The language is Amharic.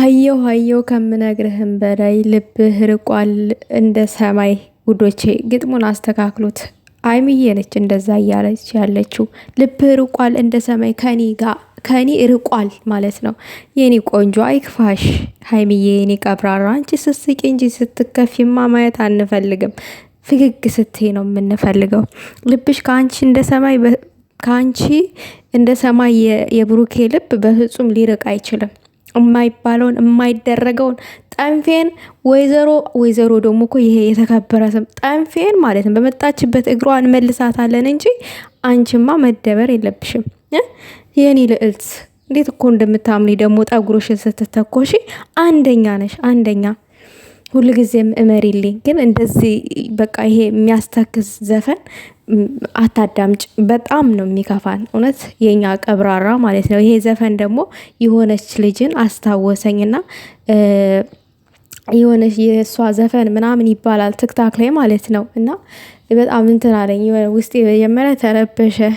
አየሁ አየሁ ከምነግርህም በላይ ልብህ ርቋል እንደ ሰማይ ውዶቼ ግጥሙን አስተካክሉት። አይምዬ ነች እንደዛ እያለች ያለችው። ልብህ ርቋል እንደ ሰማይ ከኔ ጋር ከኔ ርቋል ማለት ነው። የኔ ቆንጆ አይክፋሽ ሀይሚዬ፣ የኔ ቀብራራ። አንቺ ስስቂ እንጂ ስትከፊማ ማየት አንፈልግም። ፍግግ ስትይ ነው የምንፈልገው። ልብሽ ከአንቺ እንደ ሰማይ ከአንቺ እንደ ሰማይ የብሩኬ ልብ በፍጹም ሊርቅ አይችልም። የማይባለውን የማይደረገውን ጠንፌን ወይዘሮ ወይዘሮ ደግሞ እኮ ይሄ የተከበረ ስም ጠንፌን ማለት ነው። በመጣችበት እግሯን መልሳታለን እንጂ አንቺማ መደበር የለብሽም። የኔ ልዕልት እንዴት እኮ እንደምታምኒ ደግሞ ጠጉሮሽን ስትተኮሺ አንደኛ ነሽ አንደኛ ሁልጊዜም እመሪልኝ። ግን እንደዚህ በቃ ይሄ የሚያስተክስ ዘፈን አታዳምጭ። በጣም ነው የሚከፋን፣ እውነት የኛ ቀብራራ ማለት ነው። ይሄ ዘፈን ደግሞ የሆነች ልጅን አስታወሰኝና የሆነች የእሷ ዘፈን ምናምን ይባላል ትክታክ ላይ ማለት ነው። እና በጣም እንትን አለኝ ውስጤ መጀመሪያ ተረበሸ።